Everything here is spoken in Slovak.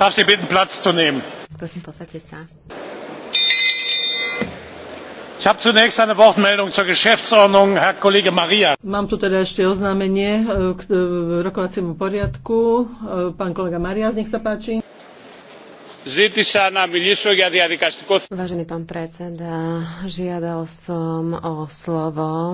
Darf Sie bitten, Platz zu nehmen? Prosím, sa. Ich habe zunächst eine Wortmeldung zur Geschäftsordnung, Herr Kollege Maria. Mám tu teda ešte oznámenie e, k e, rokovaciemu poriadku. E, pán kolega Marias, nech sa páči. Vážený pán predseda, žiadal som o slovo